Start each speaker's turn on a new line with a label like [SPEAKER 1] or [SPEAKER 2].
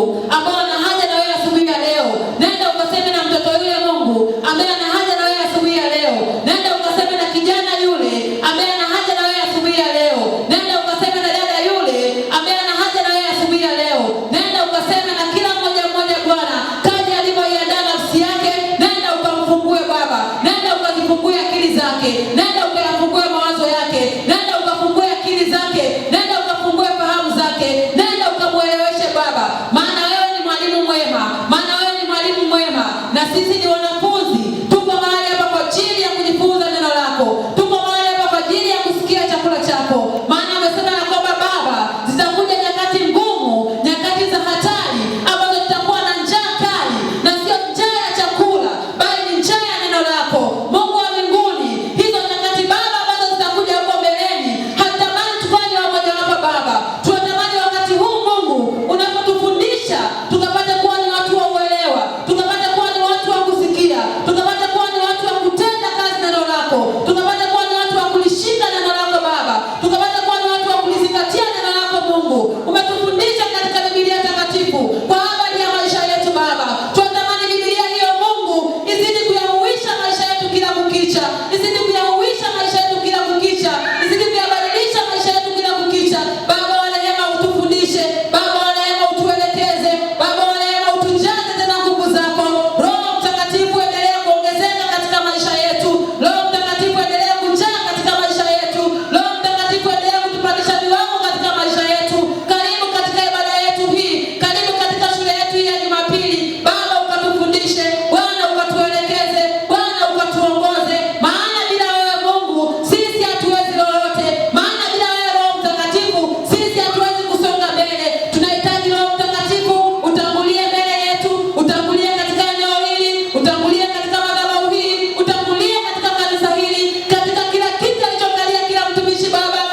[SPEAKER 1] Mungu ambaye ana haja na wewe asubuhi ya leo. Nenda ukaseme na mtoto yule Mungu ambaye ana haja na wewe asubuhi ya leo. Nenda ukaseme na kijana yule ambaye ana haja na wewe asubuhi ya leo. Nenda ukaseme na dada yule ambaye ana haja na wewe asubuhi ya leo. Nenda ukaseme na kila mmoja mmoja, Bwana kaja alivyoiandaa nafsi yake. Nenda ukamfungue Baba, nenda ukazifungue akili zake. Nenda na sisi ni wana